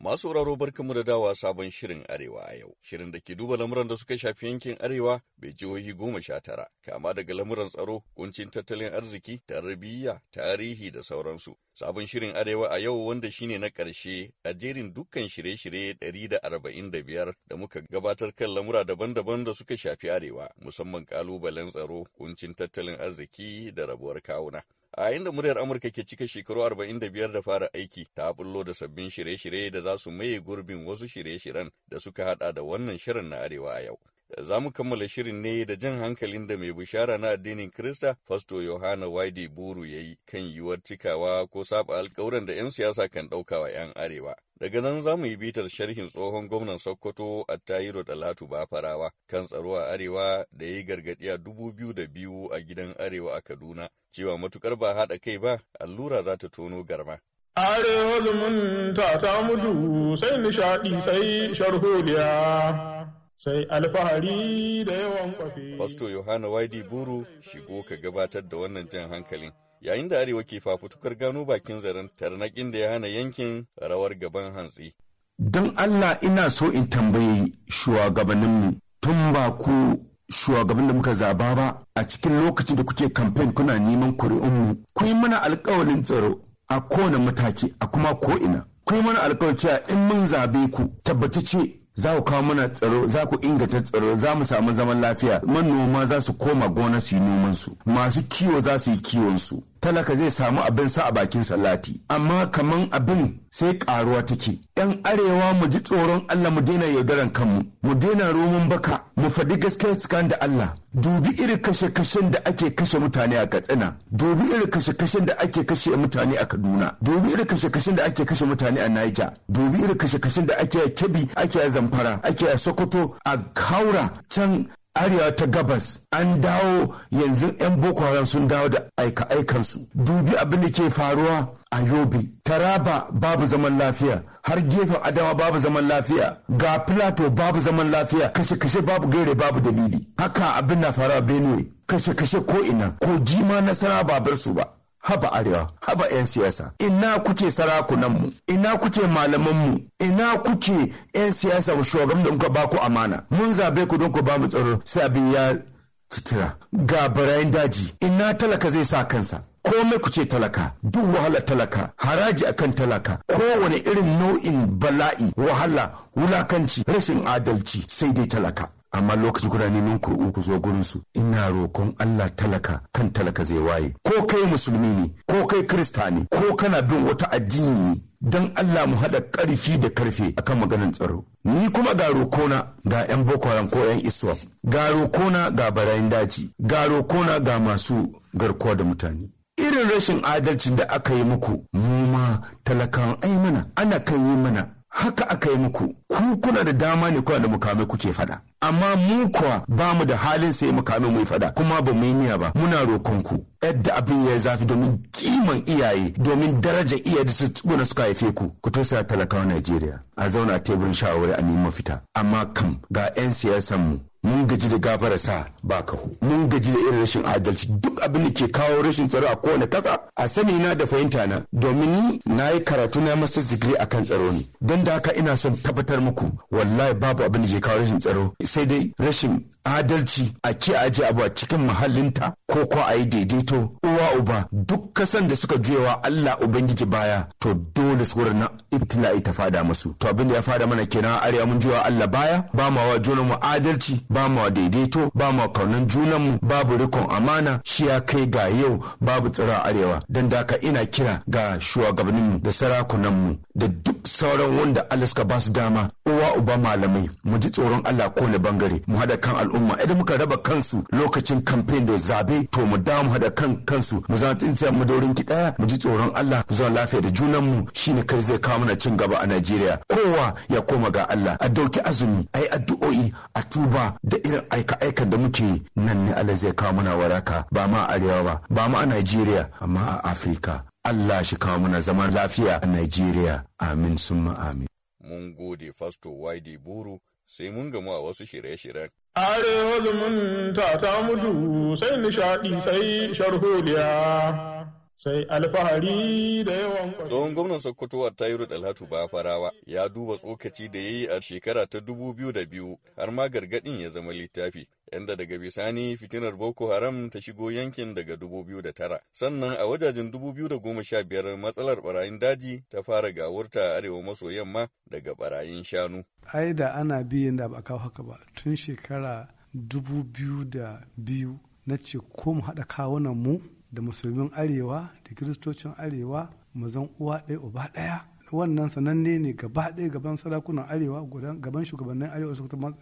Masu wuraro barkanmu da dawa sabon shirin Arewa a yau. Shirin da ke duba lamuran da suka shafi yankin Arewa bai jihohi goma sha tara, kama daga lamuran tsaro, kuncin tattalin arziki, tarbiyya, tarihi da sauransu. Sabon shirin Arewa a yau wanda shine na ƙarshe a jerin dukkan shirye-shirye ɗari da arba'in da biyar da muka gabatar kan lamura daban-daban da suka shafi Arewa, musamman ƙalubalen tsaro, kuncin tattalin arziki da rabuwar kawuna. A yayin muryar Amurka ke cika shekaru 45 da fara aiki, ta bullo da sabbin shirye-shirye da za su maye gurbin wasu shirye-shiryen da suka hada da wannan shirin na Arewa a yau. Za mu kammala shirin ne da jan hankalin da mai bishara na addinin krista Fasto Yohana Waide Buru ya yi kan yiwuwar cikawa ko saba alkawuran da 'yan siyasa kan wa 'yan Arewa. Daga nan za mu yi bitar sharhin tsohon gwamnan Sokoto Tayiro Dalatu Bafarawa kan tsaro a Arewa da ya yi gargaɗiya dubu biyu da biyu a gidan Arewa a Kaduna, cewa matukar ba haɗa kai ba, allura za ta tono garma. Arewa zumunta ta mutu sai nishaɗi sai sharholiya. sai alfahari da yawan kwafi. Fasto Yohana Waidi Buru shigo ka gabatar da wannan jan hankalin. Yayin da Arewa ke fafutukar gano bakin zaren tarnaƙin da ya hana yankin rawar gaban hantsi. Don Allah ina so in tambayi shugabanninmu tun ba ku shugaban da muka zaba ba a cikin lokacin da kuke kamfen kuna neman kuri'unmu. Kuyi yi mana alkawalin tsaro a kowane mataki a kuma ko'ina. Kuyi mana alkawalin cewa in mun zabe ku tabbatace za ku kawo mana tsaro za ku inganta tsaro za mu samu zaman lafiya manoma za su koma gona su yi su masu kiwo za su yi kiwon su. talaka zai samu abin sa a bakin salati amma kaman abin sai karuwa take yan arewa mu ji tsoron Allah mu daina yaudaran kanmu mu daina roman baka mu faɗi gaskiya tsakan da Allah dubi irin kashe-kashen da ake kashe mutane a Katsina dubi irin kashe-kashen da ake kashe mutane a Kaduna dubi irin kashe-kashen da ake kashe mutane a Niger dubi irin kashe-kashen da ake a Kebbi ake a Zamfara ake a Sokoto a Kaura can arewa ta gabas an dawo yanzu 'yan boko haram sun dawo da aika-aikansu dubi abin da ke faruwa a yobe taraba babu zaman lafiya har gefen adawa babu zaman lafiya ga plato babu zaman lafiya kashe-kashe babu gaire babu dalili haka abin na faruwa benue kashe-kashe ko ina kogi ma nasara babar su ba haba arewa haba 'yan siyasa ina kuke sarakunanmu ina kuke malamanmu ina kuke 'yan siyasa mu shugaban da muka baku amana mun zabe ku don ku ba mu tsaro sabiya abin ya sutura ga barayin daji ina talaka zai sa kansa komai ku ce talaka duk wahala talaka haraji akan talaka kowane irin nau'in bala'i wahala wulakanci rashin adalci sai dai talaka amma lokaci kuna neman kur'un ku zo gurin su ina rokon Allah talaka kan talaka zai waye ko kai musulmi ne ko kai krista ne ko kana bin wata addini ne dan Allah mu haɗa ƙarfi da karfe akan maganar tsaro. Ni kuma ga rokona ga 'yan Boko Haram ko 'yan iswa, ga rokona ga barayin daji, ga rokona ga masu garkuwa da mutane. Irin rashin adalcin da aka yi muku, mu ma talakawan ai mana, ana kan yi mana, haka aka yi muku, ku kuna da dama ne kuna da mukamai kuke faɗa. amma mu kuwa ba mu da halin sai mu kame mu fada kuma ba mu yi niyya ba muna rokonku yadda abin ya zafi domin kiman iyaye domin daraja iya da su suka haife ku ku tosa talakawa Najeriya a zauna teburin shawarwari a neman mafita amma kam ga 'yan siyasan mu mun gaji da gafara sa ba ka mun gaji da irin rashin adalci duk abin da ke kawo rashin tsaro a kowane kasa a sani na da fahimta na domin ni na yi karatu na masa zikiri akan tsaro ne don da haka ina son tabbatar muku wallahi babu abin da ke kawo rashin tsaro sai dai rashin adalci a ke aji abu a cikin mahallinta ko ko a yi daidaito uwa uba duk kasan da suka juyewa Allah ubangiji baya to dole su na ibtila'i ta fada musu to abin da ya fada mana kenan arewa mun juwa Allah baya ba ma wa junanmu adalci ba ma wa daidaito ba ma kaunan junan mu babu rikon amana shi ya kai ga yau babu tsira arewa dan daka ina kira ga shugabannin da sarakunan mu da duk sauran wanda Allah suka ba su dama uwa uba malamai mu ji tsoron Allah ko bangare mu hada kan al'umma al'umma idan muka raba kansu lokacin kamfen da zabe to mu damu hada kan kansu mu zama tsintsiya mu daurin ki daya mu ji tsoron Allah mu zama lafiya da junan mu shine kai zai kawo mana cin gaba a Najeriya kowa ya koma ga Allah a dauki azumi ai addu'o'i a tuba da irin aika aikan da muke nan ne Allah zai kawo mana waraka ba ma arewa ba ba ma a Najeriya amma a Afirka Allah shi kawo mana zaman lafiya a Najeriya amin summa amin mun gode fasto Wide Buru sai mun gamu a wasu shirye-shiryen. Are zumunta ta mutu sai nishaɗi sai sharholiya. sai alfahari da yawan tsohon gwamnan sokoto tayiru dalatu ba farawa ya duba tsokaci da ya yi a shekara ta dubu har ma gargadin ya zama littafi yanda daga bisani fitinar boko haram ta shigo yankin daga dubu tara sannan a wajajen dubu biyu sha biyar matsalar barayin daji ta fara gawurta arewa maso yamma daga barayin shanu ai da ana biyan da ba kawo haka ba tun shekara dubu biyu da biyu na ce ko mu haɗa kawunan mu da musulmin arewa da kiristocin arewa mu zan uwa ɗaya uba ɗaya wannan sananne ne gaba ɗaya gaban sarakunan arewa gaban shugabannin arewa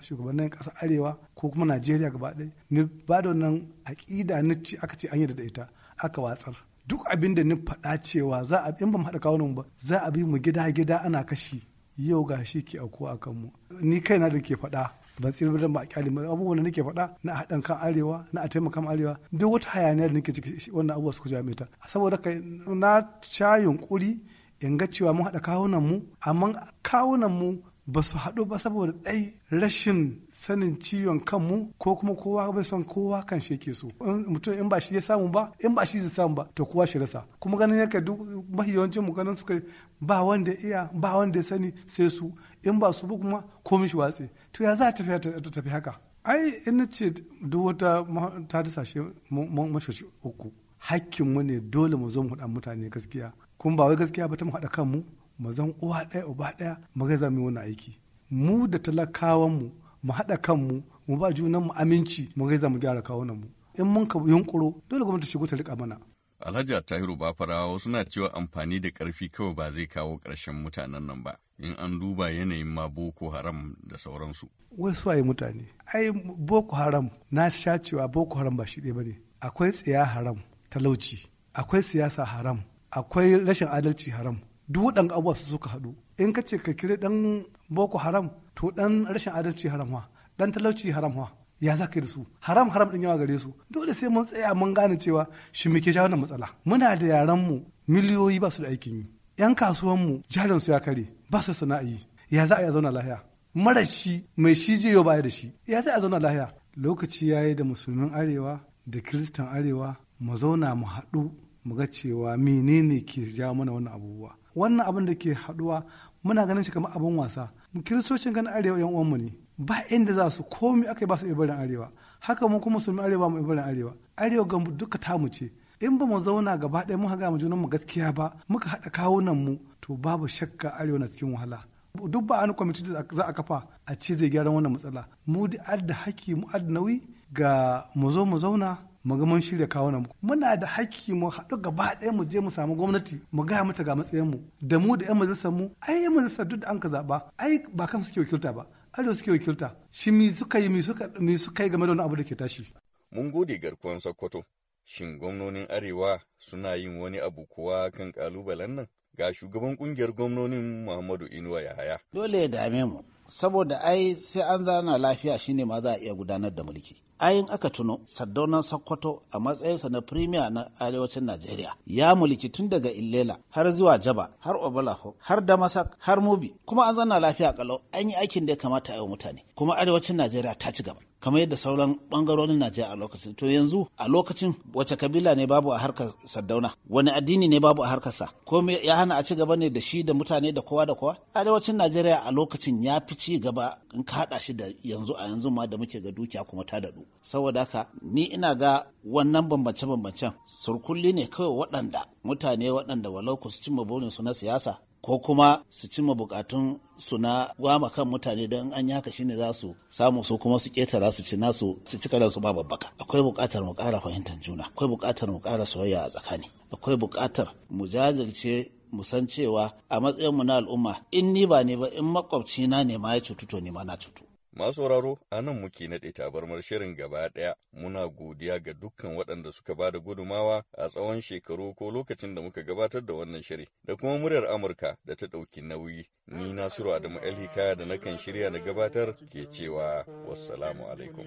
shugabannin ƙasa arewa ko kuma najeriya gaba ɗaya ni ba da wannan aƙida ni ce aka ce an yi da ita aka watsar duk abin da ni faɗa cewa za a in ba mu haɗa kawunan ba za a bi mu gida gida ana kashi yau ga shi ke ko a kanmu ni kaina da ke faɗa ban tsira dan ba a kyale abubuwan da nake faɗa na haɗan kan arewa na a taimaka arewa duk wata hayaniya da nake ciki wannan abubuwa suka jami ta saboda kai na sha yunƙuri, in ga cewa mun haɗa kawunan mu amma kawunan mu ba su haɗu ba saboda ɗai rashin sanin ciwon kanmu ko kuma kowa bai son kowa kan shi yake so mutum in ba shi ya samu ba in ba shi zai samu ba to kowa shi rasa kuma ganin yake duk mafi yawancin mu ganin suka ba wanda iya ba wanda ya sani sai su in ba su ba kuma komai shi watsi to ya za ta tafi haka ai in ce duk wata ta sashe mashashi uku hakkinmu ne dole mu zo mu haɗa mutane gaskiya kuma ba wai gaskiya ba ta mu haɗa kanmu mu zan uwa ɗaya uba ɗaya mu ga zamu wani aiki mu da talakawan mu mu haɗa kan mu mu ba mu aminci mu ga zamu gyara kawunan mu. in mun ka yunkuro dole gwamnati shigo ta rika mana Alhaji Tahiru Bafarawa suna cewa amfani da ƙarfi kawai ba zai kawo ƙarshen mutanen nan ba in an duba yanayin ma Boko Haram da sauransu. Wai waye mutane, ai Boko Haram na sha cewa Boko Haram ba shi ɗaya bane Akwai tsiya haram, talauci, akwai siyasa haram, akwai rashin adalci haram, duk waɗanda abubuwa su suka haɗu in ka ce ka kira ɗan boko haram to ɗan rashin adalci haramwa ɗan talauci haramwa ya za ka yi da su haram haram ɗin yawa gare su dole sai mun tsaya mun gane cewa shi muke sha wannan matsala muna da yaran mu miliyoyi ba su da aikin yi yan kasuwan mu jarin su ya kare ba su yi. ya za a zauna lahiya mara shi mai shi je baya da shi ya za a zauna lahiya lokaci ya yi da musulmin arewa da kiristan arewa mu zauna mu haɗu mu ga cewa menene ke jawo mana wannan abubuwa wannan abin da ke haduwa muna ganin shi kamar abin wasa kiristocin ganin arewa yan uwanmu ne ba inda za su komi aka ba su ibirin arewa haka mu kuma musulmi arewa mu ibirin arewa arewa ga duka ta mu ce in ba mu zauna gaba ɗaya mun ga mu junan mu gaskiya ba muka haɗa kawunan mu to babu shakka arewa na cikin wahala duk ba an kwamiti da za a kafa a ce zai gyara wannan matsala mu da adda haki mu adda nauyi ga mu zo mu zauna mu ga shirya kawo nan muna da haƙƙi mu haɗu gaba ɗaya mu je mu samu gwamnati mu gaya mata ga matsayin mu da mu da yan majalisar mu ai yan majalisar duk da an ka zaɓa ai ba kan suke wakilta ba arewa suke wakilta shi mi suka yi mi suka mi suka yi game da wani abu da ke tashi. mun gode garkuwan sokoto shin gwamnonin arewa suna yin wani abu kuwa kan kalubalen nan ga shugaban kungiyar gwamnonin muhammadu inuwa yahaya. dole ya dame mu saboda ai sai an zana lafiya shine ma za a iya gudanar da mulki ayin aka tuno sardaunan sokoto a matsayinsa na firimiya na arewacin najeriya ya mulki tun daga illela har zuwa jaba har obalafo har damasak har mubi kuma an zana lafiya kalau an yi aikin da ya kamata a yi mutane kuma arewacin najeriya ta ci gaba kamar yadda sauran bangarorin najeriya a lokacin to yanzu a lokacin wace kabila ne babu a harkar sardauna wani addini ne babu a harkarsa ko ya hana a ci gaba ne da shi da mutane da kowa da kowa arewacin najeriya a lokacin ya fi fi ci gaba in ka shi da yanzu a yanzu ma da muke ga dukiya kuma ta daɗu saboda haka ni ina ga wannan bambance-bambancen surkulli ne kawai waɗanda mutane waɗanda walau ku su cimma burinsu na siyasa ko kuma su cimma bukatun su na gwama kan mutane don an yaka shi ne za su samu su kuma su ketara su ci nasu su ci su ba babbaka akwai bukatar mu kara fahimtar juna akwai bukatar mu kara soyayya a tsakani akwai bukatar mu jajirce mu san cewa a matsayin mu na al'umma in ni ba ne ba in makwabci na ne ma ya cutu to ne ma na cutu Masu sauraro a nan muke naɗe tabarmar shirin gaba ɗaya muna godiya ga dukkan waɗanda suka ba da gudumawa a tsawon shekaru ko lokacin da muka gabatar da wannan shiri da kuma muryar Amurka da ta ɗauki nauyi. Ni Nasiru Adamu Alhikaya da nakan shirya na gabatar ke cewa wassalamu alaikum.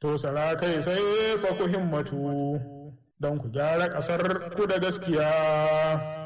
To kai sai ku himmatu don ku gyara ƙasar ku da gaskiya.